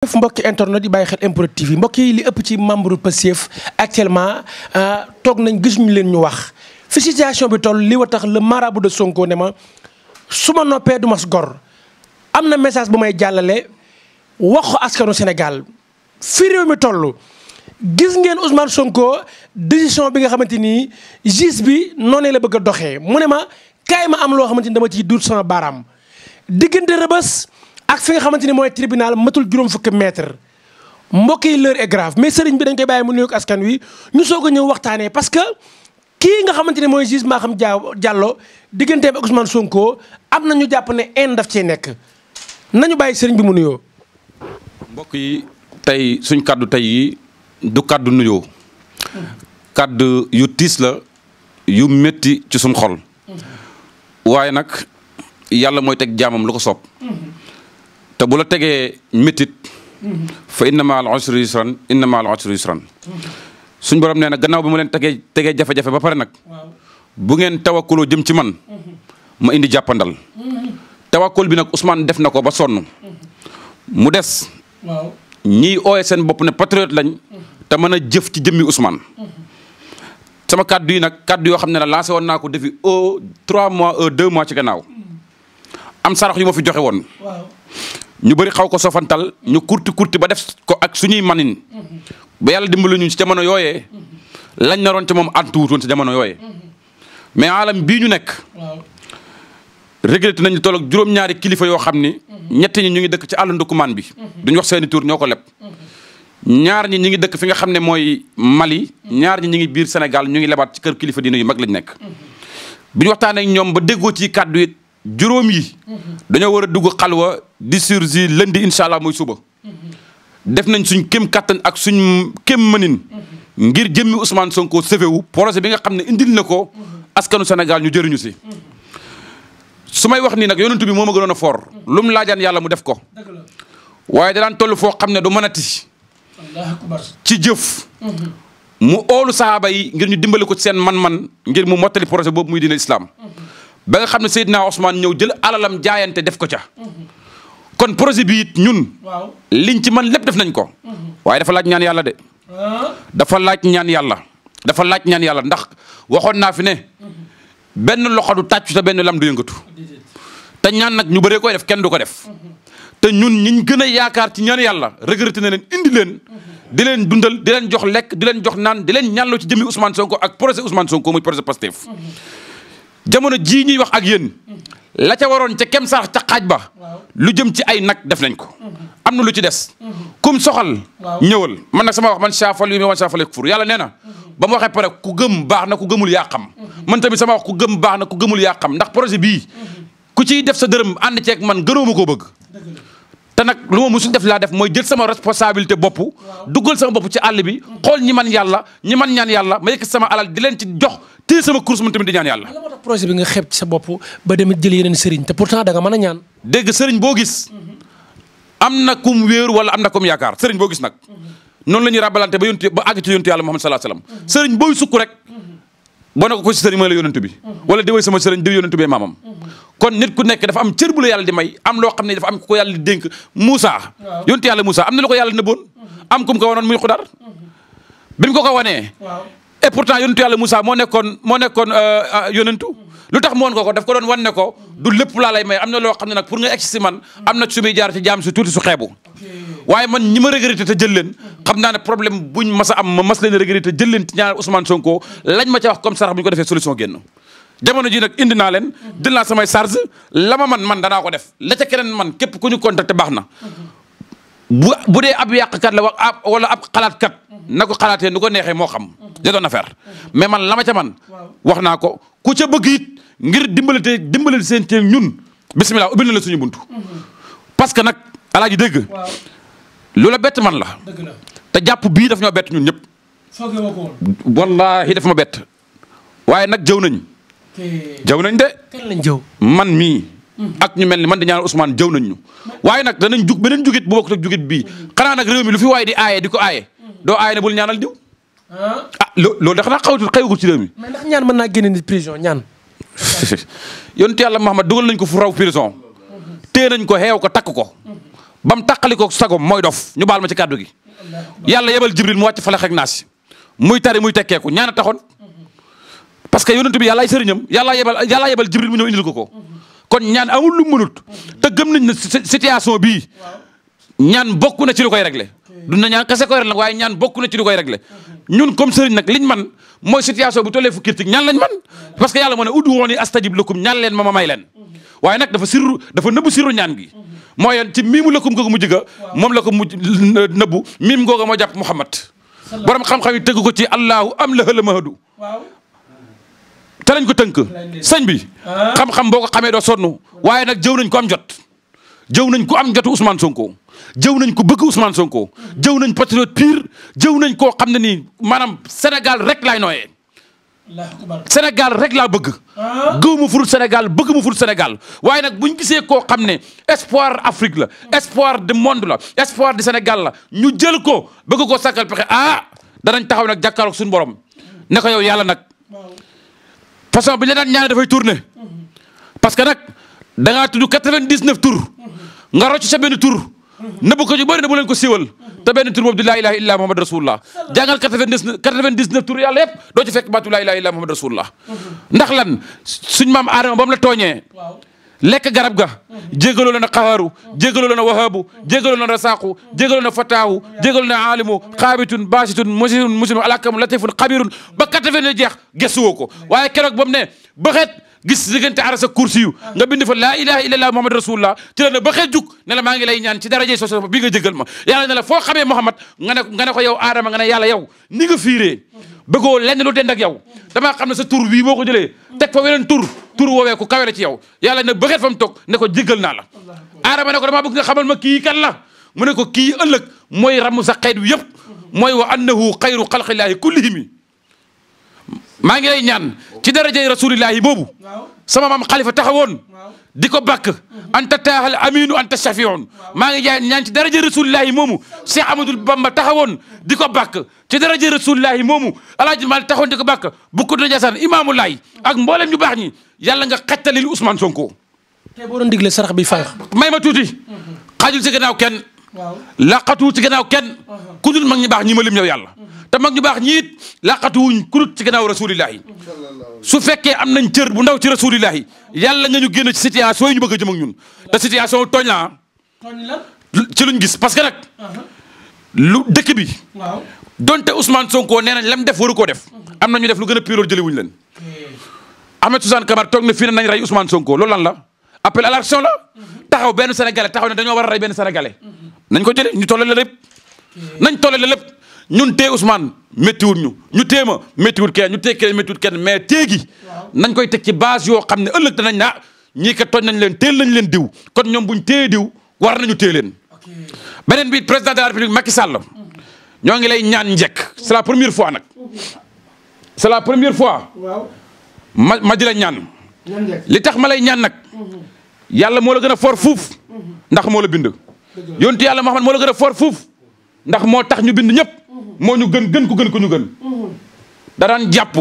jërëjëf mbokki internet yi bàyyi xel MPROD yi mbokk yi li ëpp ci membre Pastef actuellement euh, toog nañ gis ñu leen ñu wax fi situation bi toll li wa tax mara marabout de Sonko ne ma su ma noppee du mas gor am na message bu may jàllale wax ko askanu Sénégal fi réew mi toll gis ngeen Ousmane Sonko décision bi nga xamante ni justice bi noonee la bëgg doxee mu ne ma kaay ma am loo xamante ni dama ciy duut sama baaraam diggante rëbës. ak fi nga xamante ni mooy tribunal matul juróom fukki mètre mbokk yi l'heure est mais sëriñ bi dañ koy bàyyi mu nuyoog askan wi ñu soog a ñëw waxtaanee parce que kii nga xamante ne mooy juge Maham Diallo digganteem ak Ousmane Sonko am na ñu jàpp ne en daf cee nekk nañu bàyyi sëriñ bi mu nuyoo. mbokk yi tey suñ kàddu tey yi du kàddu nuyoo kaddu yu tiis la yu metti ci suñ xol mm-hmm. waaye nag yàlla mooy teg jaamam lu ko soob. Mm-hmm. te bu la tegee métit fa inna maal usri yusran inna maal usri suñ borom nee na gannaaw bi mu leen tegee tegee jafe-jafe ba pare nag bu ngeen tawakkuloo jëm ci man ma indi jàppandal tawakkul bi nag Ousmane def na ko ba sonn mu des ñiy ooye seen bopp ne patriote lañ te mën a jëf ci jëmmi Ousmane sama kàddu yi nag kàddu yoo xam ne la lancé woon naa ko depuis au trois mois au deux mois ci gannaaw am sarax yu ma fi joxe woon ñu bëri xaw ko sofantal ñu kurti kurti ba def ko ak suñuy manin ba yàlla dimbali ñu ci jamono yooyee lañ naroon ci moom antuwut woon ci jamono yooyee mais alam bii ñu nekk regretté nañu tolloog juróom-ñaari kilifa yoo xam ni ñett ñi ñu ngi dëkk ci àll ndukumaan bi duñ wax seeni tur ñoo ko leb ñaar ñi ñu ngi dëkk fi nga xam ne mooy Mali ñaar ñi ñu ngi biir Sénégal ñu ngi lebaat ci kër kilifa diina yu mag lañ nekk bi ñu waxtaanee ak ñoom ba déggoo ci juróom yi mhm. dañoo war a dugg xalwa di surgi lundi incha allah mooy suba mhm. def nañ suñ kem kàttan ak suñ kem mënin mhm. ngir jëmmi Ousmane Sonko sefewu projet bi nga xam ne indil na ko askanu Sénégal ñu jëriñu si su may wax nii nag yonentu bi moo ma gënoon a foor lu laajaan yàlla mu def ko waaye danaan toll foo xam ne du mënati ci jëf mu oolu sahaaba yi ngir ñu dimbali ko ci seen man-man ngir mu mottali projet boobu muy diine islam ba nga xam ne Seydina Ousmane ñëw jël alalam jaayante def ko ca. kon projet bi it ñun. waaw liñ ci man lépp def nañ ko. waaye dafa laaj ñaan yàlla de. Ah. dafa laaj ñaan yàlla. dafa laaj ñaan yàlla ndax waxoon naa fi ne. benn loxo du tàccu te benn lam du yëngatu. te ñaan nag ñu bëree koy def kenn du ko def. te ñun ñiñ gën a yaakaar ci ñaan yàlla regretté na leen indi leen. di leen dundal di leen jox lekk di leen jox naan di leen ñaanloo ci jëmi Ousmane Sonko ak projet Ousmane Sonko muy projet Pastef. jamono jii ñuy wax ak yéen la ca waroon ca kem sarax ca xaaj ba lu jëm ci ay nag def nañ ko mhm. am na lu ci des mhm. kum soxal ñëwal man nag sama wax man saafal yu mi wan saafal yàlla nee na mhm. ba mu waxee pare ku gëm baax na ku gëmul yaa xam man tamit sama wax ku gëm baax na ku gëmul yaa xam ndax projet bii ku ciy def sa dërëm ànd ceeg man gënoo ma koo bëgg te nag lu ma musul def laa def mooy jël sama responsabilité boppu dugal sama bopp ci àll bi xool ñi man yàlla ñi man ñaan yàlla ma yëkkat sama alal di leen ci jox téye sama course man tamit di ñaan yàlla. lan moo tax projet bi nga xeeb sa bopp ba demit jël yeneen sëriñ te pourtant da nga mën a ñaan. dégg sëriñ boo gis. am na kum wéeru wala am na kum yaakaar sëriñ boo gis nag. noonu la ñuy rabalante ba yontu ba yàlla Muhammad sallallahu la yonent bi. wala di woy sama sëriñ di yonent bi maamam. kon nit ku nekk dafa am cër bu la yàlla di may am loo xam ne dafa am ku ko yàlla di dénk Moussa. na lu ko yàlla nëbboon. am kum ko wanoon muy xudar. bi mu ko ko et pourtant yonentu yàlla Moussa moo nekkoon moo nekkoon euh, euh, yonentu lu tax mu woon ko def ko doon wan ne ko du lépp la lay may am na loo xam ne nag pour nga egg man am na su muy jaar jaam si tuuti su xeebu waaye man ñi ma regretté te jël leen xam naa ne problème buñ mas a am ma mas leen regretté jël leen ci ñaar Ousmane Sonko lañ ma ca wax comme sarax bu ñu ko defee solution génn jamono ji nag indi naa leen jël naa samay charge la ma man man danaa ko def la ca keneen man képp ku ñu contacté baax na bu bu dee ab yàqkat la wala ab kat na ko xalaatee nu ko neexee moo xam c'est na affaire mais man la ma ca man wax naa ko ku ca bëgg it ngir dimbalante dimbalante seen teeg ñun bismillah ubbil na la suñu buntu parce que nag alaaji dégg lu la bett man la te jàpp bii daf ñoo bett ñun ñëpp wallaahi daf ma bett waaye nag jëw nañ jëw nañ de kan lañ jëw man mii ak ñu mel ni man di ñaan Ousmane jëw nañ ñu waaye nag danañ jug beneen jugit bu bokkut ak jugit bii xanaa nag réew mi lu fi waaye di aaye di ko aaye doo aaye ne bul ñaanal diw ah lo loolu da xanaa xawatul xewagul ci réew mi mais ndax ñaan mën naa génne nit prison ñaan yonent yàlla Muhammad dugal nañ ko fu raw prison tée nañ ko xeew ko takk ko ba mu taqali ko sagom mooy dof ñu baal ma ci kàddu gi yàlla yebal jibril mu wàcc falax ak naas muy tari muy tekkeeku ñaana taxoon parce que yonent bi yàlla ay yàlla yebal yàlla yebal jibril mu ko kon ñaan amul lu mënut te gëm nañ ne situation bii ñaan bokk na ci lu koy réglé du na ñaan kese koy réglé waaye ñaan bokk na ci lu rek réglé ñun comme sëriñ nag liñ man mooy situation bu tollee fu critique ñaan lañ man parce que yàlla moo ne uddu woon yi astajib lakum ñaan leen ma ma may leen waaye nag dafa sirru dafa nëbbu sirru ñaan gi mooy ci miimu lakum googu mu ga moom la ko mujj nëbbu miim googa moo jàpp Muhammad borom xam-xam yi tëgg ko ci allahu am la hëla mahadu te lañ ko tënk sëñ bi ah. xam-xam boo ko xamee doo sonn waaye nag jëw nañ ko am jot jëw nañ ko am jotu Ousmane Sonko jëw nañ ko bëgg Ousmane Sonko jëw nañ patriote pire jëw nañ koo xam ne nii maanaam Sénégal rek laay nooye Sénégal rek laa bëgg ah. gëw ma ful Sénégal bëgg ma ful Sénégal waaye nag bu ñu gisee koo xam ne espoir Afrique la espoir de monde la espoir de Sénégal la ñu jël ko bëgg ko sàkkal pexe ah danañ taxaw nag jàkkaarloog suñu borom ne ko yow nag façon bi la daan ñaane dafay tourner parce nag da ngaa tudd nga rocc sa benn tour nëbb ko ci bëri na bu leen ko siiwal te benn tur boobu di laa ilaha illa muhammad rasulullah jàngal quatre-vingt-dix-neuf tur yàlla yëpp doo ci fekk baatu laa ilaha illa muhammad rasulullah ndax lan suñ maam aadama ba mu la tooñee lekk garab ga jégaloo na xaharu jégaloo na wahabu jégaloo na rasaqu jégaloo na fataahu jégaloo na alimu xaabitun baasitun musitun muslimu alakamu ba katafin ne jeex gëstuwoo ko waaye keroog ba mu ne ba xeet gis diggante arasa kursi yu nga bind fa laa ilaha illallah muhammad rasulullah ci la ne ba xeet jug ne la maa ngi lay ñaan ci daraje soso bi nga jégal ma yàlla ne la foo xamee muhammad nga ne nga ne ko yow aadama nga ne yàlla yow ni nga fiiree bëggoo lenn lu den ak yow damaa xam na sa tur bii boo ko jëlee teg fa weneen tur tur woowee ko kawe la ci yow yàlla ne bëggeet fa mu toog ne ko jéggal na la aadama ne ko damaa bëgg nga xamal ma kii kan la mu ne ko kii ëllëg mooy ramu sa xeet wi yëpp mooy wa annahu xayru xalqillaahi kullihimi maa ngi lay ñaan ci darajay rasulillahi boobu sama maam xalifa taxawoon di ko bakk anta taaxal aminu anta shafiun maa ngi jaay ñaan ci daraja rasulullahi moomu Cheikh Amadou Bamba taxawoon di ko bakk ci daraja rasulullahi moomu alaaji Maalik taxawoon di ko bakk bu ko doon jasaan imaamu laay ak mboolem ñu baax ñi yàlla nga xettalil Ousmane Sonko. ko boo doon digle sarax bi fànq. may ma tuuti. xaajul si gannaaw kenn. waaw laqatu ci gannaaw kenn. Uh-huh. ku dul mag ñu baax ñi ma lim yow yàlla. Uh-huh. mag ñu baax laqatuwuñ kurut ci gannaaw rasulillahi su fekkee am nañ cër bu ndaw ci rasulillahi yàlla nga ñu génn ci situation yi ñu bëgg a jëm ak ñun te situation tooñ la ah. ci luñ gis parce que nag uh-huh. lu dëkk bi donte Ousmane Sonko nee nañ lam def waru koo def uh-huh. am na ñu def lu gën a piroor wuñ leen eh. Ahmed Suzanne Camara toog na fii ne nañ rey Ousmane Sonko loolu lan la appel à l'action la uh-huh. taxaw benn sénégalais taxaw ne dañoo war a rey benn sénégalais nañ ko jëlee ñu tollale lépp eh. nañ tollale lépp ñun tee Ousmane méttiwul ñu ñu tee ma méttiwul kenn ñu tee kenn kenn mais tee gi nañ koy teg ci base yoo xam ne ëllëg nañ naa ah, ñii kat tooñ nañ leen teel nañ leen diw kon ñoom buñ téye diw war nañu téye leen. beneen bi président de la république Macky Sall. ñoo ngi lay ñaan njëkk c'est la première fois nag c'est la première fois. ma ma di la ñaan. li tax ma lay ñaan nag. Mhm. yàlla moo la gën a fort fuuf. Mhm. ndax moo la bind. yoon yàlla Muhammad moo la gën a fort fuuf. ndax moo tax ñu bind ñëpp. moo ñu gën gën ko gën ko ñu gën. da daan jàpp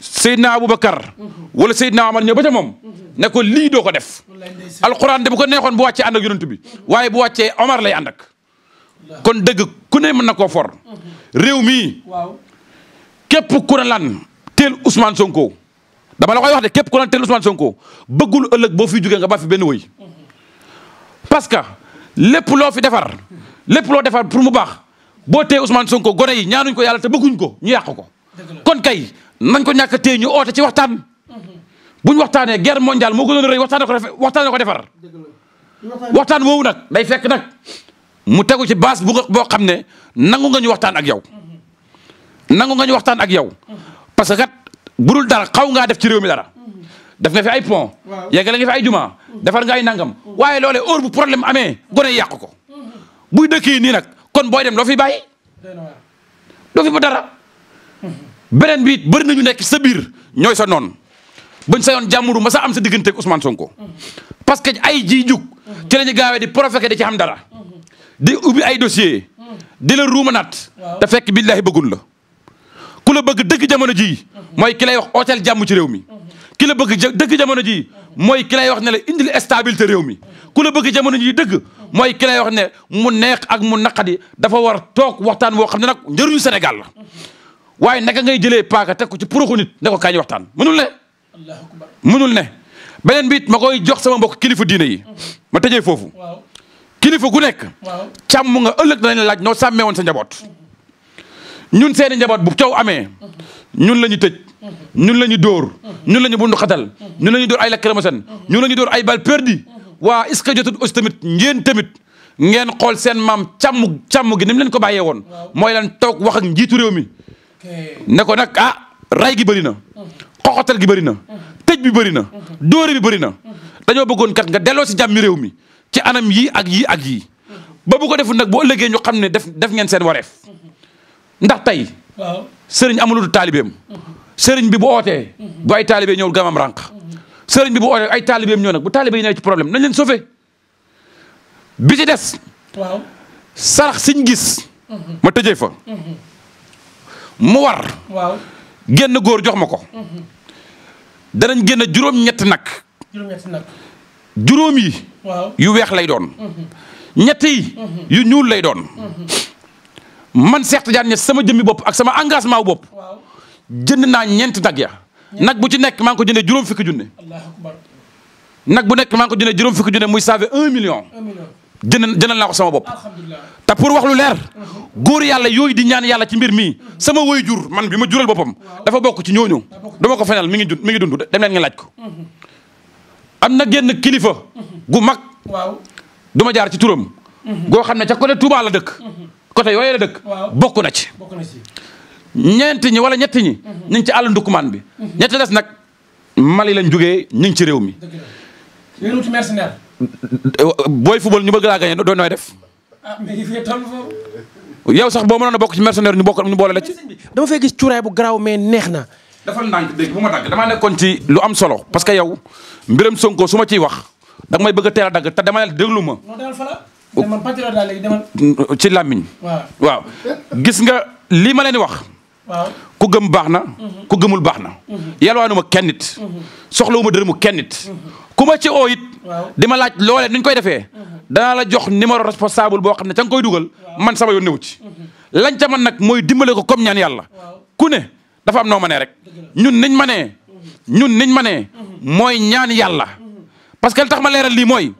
Seydina Aboubacar. wala Seydina Omar ñëw ba ca moom. ne ko lii doo ko def. alxuraan de bu ko neexoon bu wàccee ànd ak bi waaye bu wàccee Omar lay ànd kon dëgg ku ne mën na koo for. réew mii. waaw képp ku ne lan teel Ousmane Sonko. dama la koy wax de képp ku ne teel Ousmane Sonko bëggul ëllëg boo fi jugee nga ba fi benn wëy parce que lépp loo fi defar lépp loo defar pour mu baax. boo tee Ousmane Sonko gone yi ñaanuñ ko yàlla te bëgguñ ko ñu yàq ko. kon kay nañ ko ñàkk a téye ñu ci waxtaan. buñ waxtaanee guerre mondiale moo gënoon rëy waxtaan ko waxtaan ko defar. waxtaan woowu nag day fekk nag mu tegu ci base bu boo xam ne nangu nga ñu waxtaan ak yow. nangu nga ñu waxtaan ak yow. parce que kat burul dara xaw ngaa def ci réew mi dara. def nga fi ay pont. waaw yeggale nga fi ay juma. defar nga ay nangam. waaye loole heure bu problème amee gone yàq ko. buy dëkk nii nag. kon booy dem doo fi bàyyi doo fi ba dara beneen biit it bëri nañu nekk sa biir ñooy sa noon bañ sa yoon jàmmuru ma sa am sa diggante ak Ousmane Sonko parce que ay ji jug ci la ñu gaawee di proféqué di ci xam dara di ubbi ay dossier di la ruumanaat te fekk billaahi bëggul la ku la bëgg dëgg jamono ji mm-hmm. mooy ki lay wax ooteel jàmm ci réew mi mm-hmm. ki la bëgg dëgg jamono jii mooy ki lay wax ne la indil stabilité réew mi ku la bëgg jamono jii dëgg mooy ki lay wax ne mu neex ak mu naqadi dafa war toog waxtaan woo xam ne nag njëriñu Sénégal la waaye naka ngay jëlee paaka teg ko ci poroxu nit ne kaa kaay waxtaan mënul ne mënul ne beneen bi ma koy jox sama mbokk kilifa diine yi ma tëjee foofu kilifa gu nekk càmm nga ëllëg danañ laaj noo sàmmee woon sa njaboot ñun seeni njaboot bu coow amee ñun la ñu tëj ñun la ñu dóor ñun la ñu bundu xatal ñun la ñu dóor ay lacrymogène ñun la ñu dóor ay bal perdu waa est-ce que jotul aussi tamit ngeen tamit ngeen xool seen maam càmm càmm gi ni mu leen ko bàyyee woon mooy lan toog wax ak njiitu réew mi ne ko nag ah ray gi bëri na xoxotal gi bëri na tëj bi bëri na dóore bi bëri na dañoo bëggoon kat nga delloo si jàmmi réew mi ci anam yii ak yii ak yii ba bu ko deful nag boo ëllëgee ñu xam ne def def ngeen seen wareef ndax tey sëriñ amulul taalibeem sëriñ bi bu ootee bu ay taalibee ñëwul gamam rànq sëriñ bi bu ootee ay taalibeem ñëw nag bu taalibee na nekk ci problème nañ leen sauver bi ci des waaw sarax siñ gis ma tëjee fa mu war waaw góor jox ma ko danañ génn juróom-ñetti nag juróom yi yu weex lay doon uhuh. ñett yi uhuh. yu ñuul lay doon uhuh. man Cheikh Tidiane Niass sama jëmmi bopp ak sama engagement wu bopp jënd naa ñeent nag ya nag bu ci nekk maa ngi ko jëndee juróom fukki junne nag bu nekk maa ngi ko jëndee juróom fukki junne muy sauvé un million jënd jëndal naa ko sama bopp te pour wax lu leer uh-huh. góor yàlla yooyu di ñaan yàlla ci mbir mii uh-huh. sama woy jur man bi ma jural boppam dafa bokk ci ñooñu dama ko fenal mi ngi jun mi ngi dund dem leen laaj ko uh-huh. am na génn kilifa gu mag duma jaar ci turam goo xam ne ca côté Touba la dëkk côté yooyu la dëkk. bokk na ci. ñeent ñi wala ñetti ñi. Mhm. ñu ngi ci àll ndukkumaan bi. Mhm. ñett des nag Mali lañ jugee ñu ngi ci réew mi. booy football ñu bëgg laa gagné doo nooy def. Ah, yow sax boo mënoon a bokk ci mercenaire ñu bokk ñu boole la ci. dama fay gis cuuraay bu garaaw mais neex na. dafal ndànk dégg bu ma damaa nekkoon ci lu am solo parce que yow mbiram Sonko su ma ciy wax danga bëgg a teel a déglu ma. ci làmmiñ waaw gis nga lii ma leen di wax. waaw ku gëm baax na. Mhm. ku gëmul baax na. Mhm. yalwaanu ma kenn nit. Mhm. soxlawu ma dërëmu kenn nit. ku ma ci oo it. di ma laaj loolee nuñ koy defee. danaa la jox numéro responsable boo xam ne ca koy dugal. man sama yoon newu ci. lañ ca man nag mooy dimbale ko comme ñaan yàlla. ku ne dafa am noo ma ne rek. ñun niñ ma nee. ñun niñ ma nee. mooy ñaan yàlla. parce que li tax ma leeral lii mooy.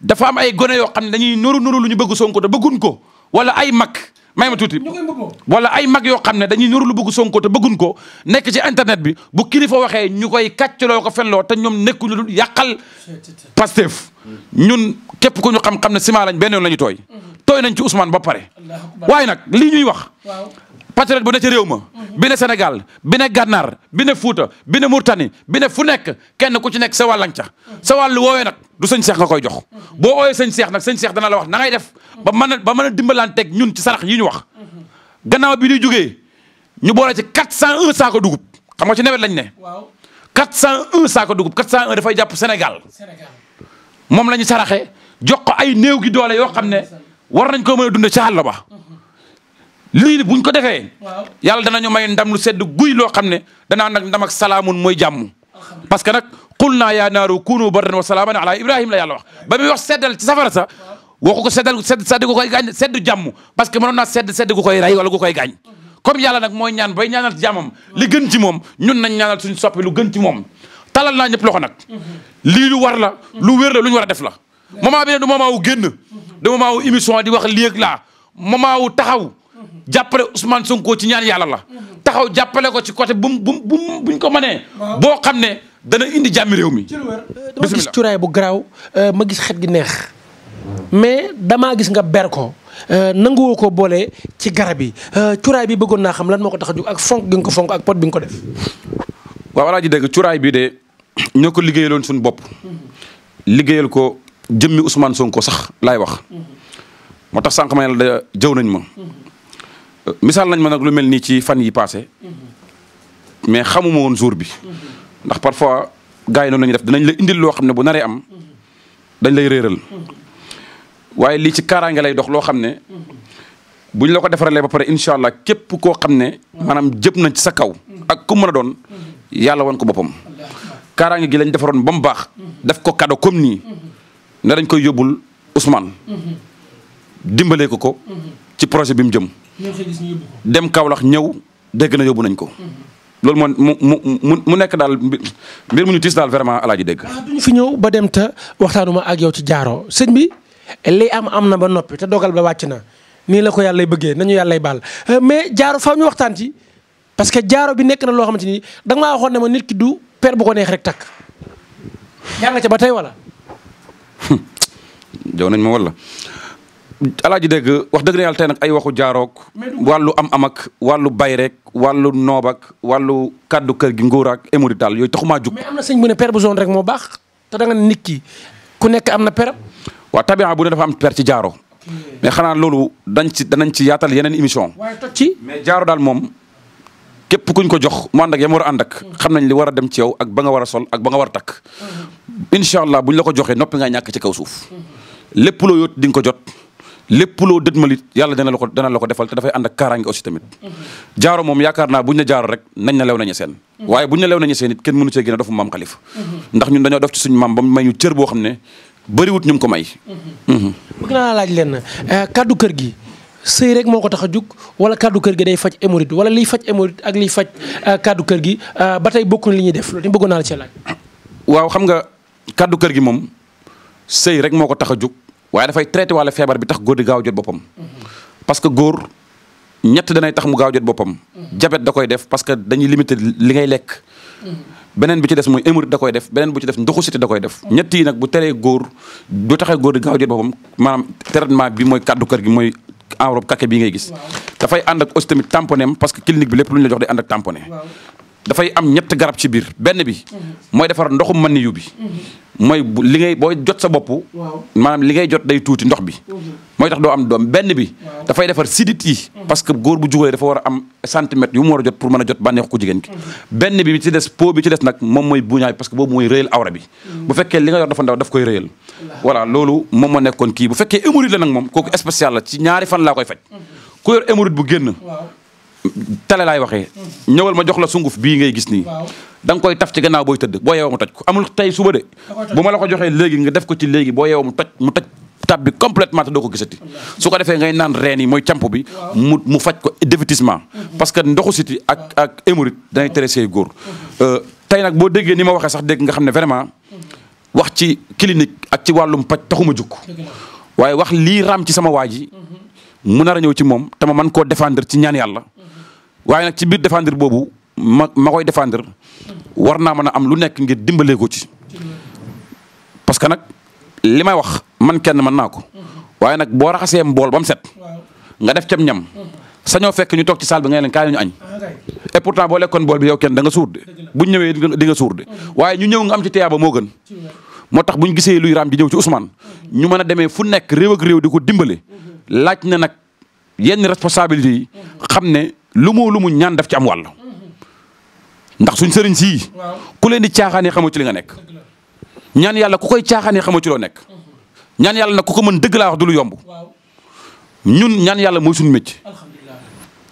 dafa am ay gone yoo xam ne dañuy nuru nuru lu ñu bëgg Sonko te bëggun ko wala ay mag may ma tuuti wala ay mag yoo xam ne dañuy nuru lu bëgg Sonko te bëggun ko nekk ci internet bi bu kilifa waxee ñu koy kàccaloo ko loo te ñoom nekkuñu lu yàqal Pastef ñun képp ko ñu xam-xam ne ciment lañ benn yoon la ñu tooy mm-hmm. tooy nañ ci Ousmane ba pare waaye nag lii ñuy wax patriote bu ne ci réew ma mhm. bi ne Sénégal bi ne Gànnaar bi ne Fuuta bi ne Murtani bi ne fu nekk kenn ku ci nekk sa wàllañ ca mhm. sa wàllu woowee nag du sëñ Seex nga koy jox mhm. boo ooyee sëñ Seex nag sëñ Seex dana la wax na def ba man a ba mën a dimbalanteeg ñun ci sarax yi ñu wax gannaaw bi ñuy jógee ñu boole ci 401 saako dugub xam nga ci nawet lañ ne 401 saako dugub 401 dafay jàpp Sénégal moom la saraxe jox ko ay néew gi doole yoo xam ne war nañ koo mën a dund ci àll ba lii buñ ko defee. yàlla danañu may ndam lu sedd guy loo xam ne danaa nag ndam ak salaamun mooy jàmm. parce que nag qul naa yaa naaru kuunu bardan wa salaaman ala Ibrahima la yàlla wax ba muy wax seddal safara sa waxu ko seddal sedd sedd gu koy gaañ sedd jàmm parce que mënoon na sedd sedd gu koy rey wala gu koy gaañ. comme yàlla nag mooy ñaan bay ñaanal jàmmam li gën ci moom ñun nañ ñaanal suñu soppi lu gën ci moom talal naa ñëpp loxo nag. lii lu war la lu wér la lu ñu war a def la. moment bi du moment wu génn. du moment émission di wax lii ak laa moment wu taxaw jàppale Ousmane sonkoo ci ñaan yàlla la. taxaw jàppale ko ci côté bu mu bu mu ko mënee. boo xam ne dana indi jàmmi réew mi. Euh, dama gis bu garaaw euh, ma gis xet gi neex. mais damaa gis nga ber ko euh, nanguwoo ko boole ci garab yi cuuraay bi bëggoon naa xam lan moo ko tax a jóg ak fonk gi nga ko fonk ak pot bi nga ko def. waaw walaa ji dëgg cuuraay bii de ñoo ko liggéeyaloon suñu bopp. liggéeyal ko jëmmi Ousmane Sonko sax laay wax. Mm-hmm. moo tax sànq ma ne jëw nañ ma. Mm-hmm. misaal nañ ma nag lu mel nii ci fan yi passé mhm. mais xamuma woon jour bi mhm. ndax parfois gars yi noonu la def dinañ la indil loo xam ne boo naree am mhm. dañ lay réeral waaye lii ci kaaraange lay dox loo xam ne buñ la ko defaralee ba pare incha allah képp koo xam ne maanaam jëp nañ ci sa kaw ak ku mën doon yàlla wan ko boppam kaaraange gi lañ defaroon ba mu baax def ko cadeau comme nii ne dañ koy yóbbul Ousmane dimbalee ko ci projet bi mu jëm. dem Kaolack ñëw dégg na yóbbu nañ ko. loolu moo mu mu mu nekk daal mbir mu ñu tiis daal vraiment alaaji dégg. waaw ah, ñu fi ñëw ba dem te waxtaanuma ak yow ci jaaro sëñ bi li am am na ba noppi te dogal ba wàcc na nii la ko yàlla bëggee nañu yàlla baal euh, mais jaaro faaw ñu waxtaan ci parce que jaaro bi nekk na loo xamante ni da nga maa ne ma nit ki du per bu ko neex rek takk yaa nga ba tey wala. jow nañ ma wala. alaaji dégg wax dëgg na yàlla tey nag ay waxu jaaroog wàllu am amak wàllu bay rek wàllu noob ak wàllu kàddu kër gi nguur ak émori daal yooyu taxumaa jug mais am na sëñ bu per bu zone rek moo baax te da nga nit ki ku nekk am na per waaw tabia bu ne dafa am per ci jaaro mais xanaa loolu dan ci danañ ci yaatal yeneen émission waaye toj ci mais jaaro daal moom képp kuñ ko jox mu ànd ak yam war a mm. xam nañ li war a dem ci yow ak ba nga war a sol ak ba nga war a takk mm-hmm. incha allah buñ la ko joxee noppi nga ñàkk ci kaw suuf mm-hmm. lépp loo di nga ko jot lépp loo dëtmalit yàlla dana la ko dana la ko defal te dafay ànd ak kaaraange aussi tamit mm-hmm. jaaro moom yaakaar naa buñ ne jaaro rek nañ na lew na seen mm-hmm. waaye buñ ne lew nañu seen it kenn mënu cee gën a dofu maam xalifa mm-hmm. ndax ñun dañoo def ci suñu maam ba may ñu cër boo xam ne bëriwut ñu ko may bëgg laaj leen euh, kaddu kër gi sëy rek moo ko tax a jug wala kaddu kër gi day faj émorite wala liy faj émorite ak liy faj euh, kaddu kër gi euh, ba tey bokkuñ li ñuy def loolu bëggoon naa la waaw xam nga kaddu kër gi moom sëy rek moo ko tax a jug waaye dafay traité walla feebar bi tax góor di gaaw jot boppam. parce que góor ñett danay tax mu gaaw jot boppam. jabet da koy def parce que dañuy limité li ngay lekk. beneen bi ci def mooy émorite da koy def beneen bu ci def ndoxu siti da koy def. ñett nag bu teree góor du taxee goor di gaaw jot boppam maanaam traitement bi mooy kàddu kër gi mooy. enrobe kake bi ngay gis dafay ànd ak aussi tamit tamponem parce que clinique bi lépp lu ñu la jox day ànd ak tamponé dafay am ñett garab ci biir benn bi. Mhm. mooy defar ndoxum man yu bi. Mhm. mooy li ngay booy jot sa bopp. maanaam li ngay jot day tuuti ndox bi. Mhm. mooy tax doo am doom benn bi. dafay defar sidit yi. parce que góor bu jugalee dafa war am centimètre yu mu war a jot pour mën a jot bànneex ku jigéen ki. benn des po bi ci nag moom mooy buñaay parce que boobu mooy rëyal bi. bu fekkee li nga yor dafa daf koy rëyal. voilà loolu moom moo nekkoon kii bu fekkee hémorroïde la nag moom kook spécial la ci ñaari fan laa koy faj. ku yor hémorroïde bu génn. tale laay waxee ñëwal ma jox la sunguf bii ngay gis nii da koy taf ci gannaaw booy tëdd boo yeewoo mu toj ko amul tey suba de bu la ko joxee léegi nga def ko ci léegi boo yeewoo mu toj mu toj tab bi complètement te doo ko gisati su ko defee ngay naan reen yi mooy camp bi mu mu faj ko dévitissement mm-hmm. parce que ndoxu siti ak ak émorite danay tere say góor mm-hmm. euh, tey nag boo déggee ni ma waxee sax dégg nga xam ne vraiment mm-hmm. wax ci clinique ak ci wàllum paj taxuma jukk waaye wax lii raam ci sama waa ji mu nar a ñëw ci moom te mën koo défendre ci ñaan yàlla waaye nag ci biir défendre boobu ma ma koy défendre war naa mën a am lu nekk ngir dimbalee ko ci parce que nag li may wax man kenn mën naa ko waaye nag boo raxasee mbool ba mu set nga def cam ñam sañoo fekk ñu toog ci salle bi nga leen kaay ñu añ et pourtant boo lekkoon bool bi yow kenn da nga suurde bu ñëwee di nga suurde waaye ñu ñëw nga am ci teyaa ba moo gën moo tax buñ gisee luy raam di ñëw ci Ousmane ñu mën a demee fu nekk réew ak di ko dimbale laaj na nag yenn responsabilité yi lu mu lu mu ñaan daf ci am wàll ndax suñ sëriñ sii ku leen di caaxaanee xamoo ci li nga nekk ñaan yàlla ku koy caaxaanee xamoo ci loo nekk ñaan yàlla nag ku ko mën dëgg laa wax du ñun ñaan yàlla mooy suñu métier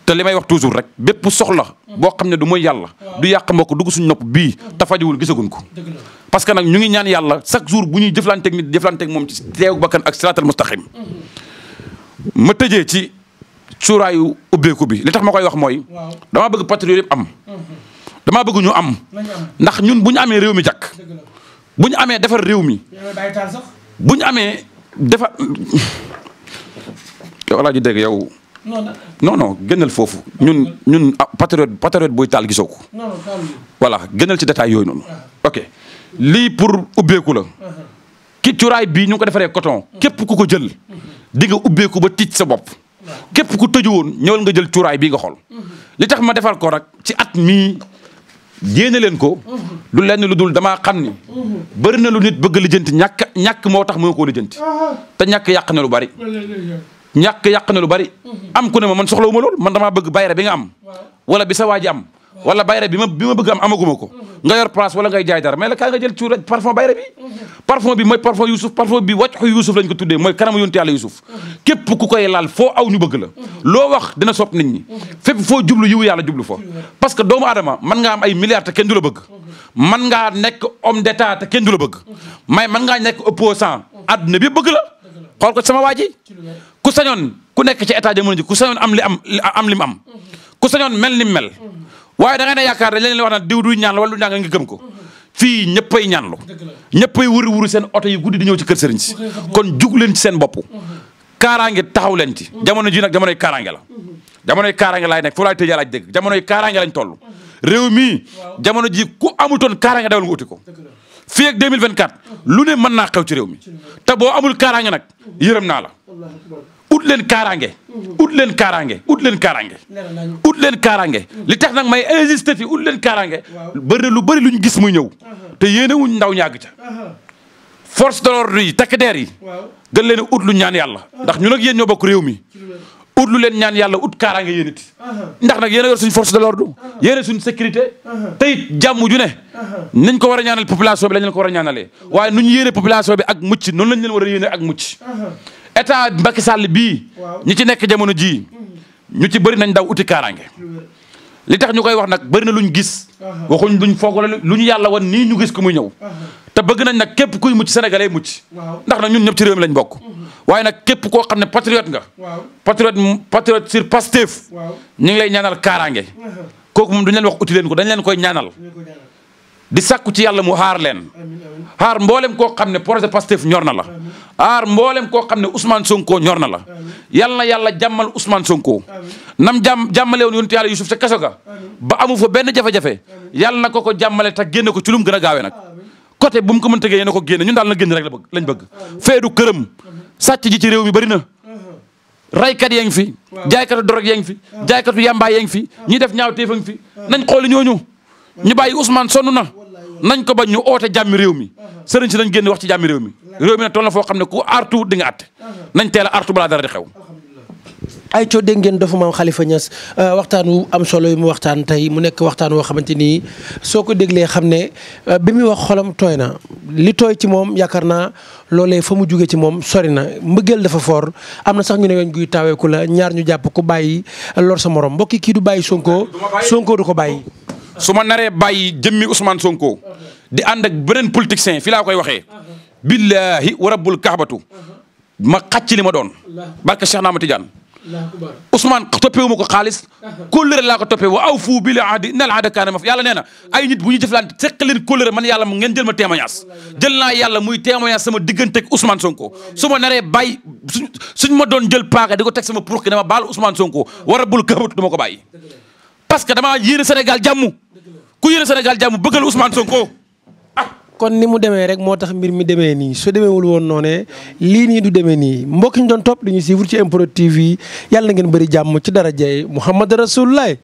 te li may wax toujours rek bépp soxla boo xam ne du mooy yàlla du yàq mbokk dugg suñ nopp bii te fajuwul gisaguñ ko parce que nag ñu ngi ñaan yàlla chaque jour bu ñuy jëflanteeg moom ci teew bakkan ak siraatal mustaqim ma tëjee ci cuuraayu ubbeeku bi li tax ma koy wax mooy. dama bëgg patriote am. Mhm. damaa bëgg ñu am. ndax ñun bu ñu amee réew mi jàkk. bu ñu amee defar réew mi. bu ñu amee defar. yow El Hadj yow. non non foofu ñun ñun ah, patriote patriote buy taal gisoo ko. voilà gënal ci détail yooyu noonu. Ah. ok lii pour ubbeeku la. Ah, ki cuuraay bii ñu ko defaree coton. képp ku ko jël. di nga ubbeeku ba tiic sa bopp. képp ku tëju woon ñëwal nga jël cuuraay bii nga xool. Mhm. li tax ma defal ko rek ci at mii yéene leen ko. Mhm. lu lenn lu dul damaa xam ni. Mhm. bëri na lu nit bëgg lijjanti ñàkk ñàkk moo tax moo ko lijjanti. te ñàkk yàq na lu bari. ñàkk yàq na lu bari. am ku ne ma man soxlawuma lool man damaa bëgg bayra bi nga am. wala bi sa waa ji am. wala bayre bi ma bi bëgg am amaguma ko nga place wala ngay jaay dara mais la kaa nga jël cuura parfum bayre bi parfum bi mooy parfum Youssouf parfum bi wàccu Youssouf lañ ko tuddee mooy kanamu yonent Yàlla Youssouf ku koy laal foo aw ñu bëgg la loo wax dina sopp nit ñi fépp foo jublu yiwu yàlla jublu fa parce que doomu aadama man nga am ay milliards te kenn du la bëgg man ngaa nekk homme d'état te kenn du la bëgg may man ngaa nekk opposant adduna bi bëgg la xool ko sama waa ji ku sañoon ku nekk ci état jamono ji ku sañoon am li am am li mu am ku sañoon mel ni mel waaye da ngay ne yaakaar ne leneen li wax naan diw duy ñaanlu wala du ñaan nga gëm ko fii ñëppay ñaanlu ñëppay wuri wuri seen oto yi guddi di ñëw ci kër sëriñ si kon jug leen ci seen bopp kaaraange taxaw leen ci jamono ji nag jamonoy kaaraange la jamonoy kaaraange laay nekk foo laay tëjee dégg jamonoy kaaraange lañ toll réew mii jamono ji ku amutoon kaaraange dawal nga uti ko fii vingt 2024 lu ne mën naa xew ci réew mi te boo amul kaaraange nag yërëm naa la ut leen kaaraange. ut leen kaaraange ut leen kaaraange. ut leen kaaraange. li tax nag may insister fi ut leen kaaraange. bëri lu bëri lu ñu gis muy ñëw. te yéene wuñ ndaw ñàgg ca. force de l'ordre yi takk der yi. gën leen ut lu ñaan yàlla. ndax ñu ak yéen ñoo bokk réew mi. ut lu leen ñaan yàlla ut kaaraange yéen it ndax nag yéen a yor suñ force de l'ordre yéen suñ sécurité te it jàmm ju ne nañ ko war a ñaanal population bi lañ leen ko war a ñaanalee waaye nu ñu yéene population bi ak mucc noonu lañ leen war a yéene ak mucc état Macky Sall bii. ñi ci nekk jamono jii. ñu ci bëri nañ daw uti kaaraange. li tax ñu koy wax nag bëri na lu ñu gis. waxuñ luñ foog wala lu ñu yàlla wan nii ñu gis ku muy ñëw. te bëgg nañ nag képp kuy mucc sénégalais mucc. ndax na ñun ñëpp ci réew lañ bokk. waaye nag képp koo xam ne patriote nga. patriote patriote sur Pastef. ñu ngi lay ñaanal kaaraange. kooku moom duñ leen wax uti leen ko dañ leen koy ñaanal. di sàkku ci yàlla mu xaar leen xaar mboolem koo xam ne projet Pastef ñor na la aar mboolem koo xam ne Ousmane Sonko ñor na la yal na yàlla jàmmal Ousmane Sonko nam jàmm jàmmale woon yonent yàlla Youssouf ca kaso ga ba amu fa benn jafe-jafe yal na ko ko jàmmale te génne ko ci lu mu a gaawee nag côté bu mu ko mën a génne na ko génne ñun daal na génn rek la bëgg lañ bëgg feedu këram sàcc ji ci réew mi bëri na raykat yaa ngi fi jaaykatu dorog yaa ngi fi jaaykatu yàmbaay yaa ngi fi ñiy def ñaaw téef a ngi fi nañ xooli ñooñu ñu bàyyi Ousmane sonn na nañ ko ba ñu oote jàmmi réew mi sëriñ si nañ génn wax ci jàmmi réew mi réew mi nag toll na foo xam ne ku artu di nga atte nañ teel artu balaa dara di xew. ay coo dégg ngeen dafa maam Khalifa Niass euh, waxtaan wu am solo yi mu waxtaan tey mu nekk waxtaan woo xamante ni soo ko déglee xam ne euh, bi muy wax xolam tooy na li tooy ci moom yaakaar naa loolee fa mu jugee ci moom sori na mbëggeel dafa foor am na sax ñu ne weñ guy taaweeku la ñaar ñu jàpp ku bàyyi lor sa morom mbokki kii du bàyyi Sonko Sonko du ko bàyyi. su ma naree bàyyi jëmmi Ousmane Sonko di ànd ak beneen politicien fi laa koy waxee. billahi wa rabbul kaxbatu ma xàcc li ma doon. barke Cheikh Naama Tidiane. Ousmane toppewu ma ko xaalis. kóllëre laa ko toppee wa aw fuu bil ahdi innal ahda kaana maf yàlla nee na ay nit bu ñu jëflante seq leen kóllëre man yàlla ngeen jël ma témoignage jël naa yàlla muy témoignage sama diggante ak Ousmane Sonko su ma naree bàyyi suñ suñ ma doon jël paaka di ko teg sama pour ki dama baal Ousmane Sonko wa rabbul kaxbatu du ma ko bàyyi. parce que damaa yéene jàmm. ku yéene Sénégal jàmm bëggal Ousmane Sonko ah. kon ni mu demee rek moo tax mbir mi demee nii su demeewul woon noonee lii nii du demee nii mbokk ñu doon topp ñu suivre ci MPROD yi yàlla na ngeen bëri jàmm ci daraja Muhammad Rasulullah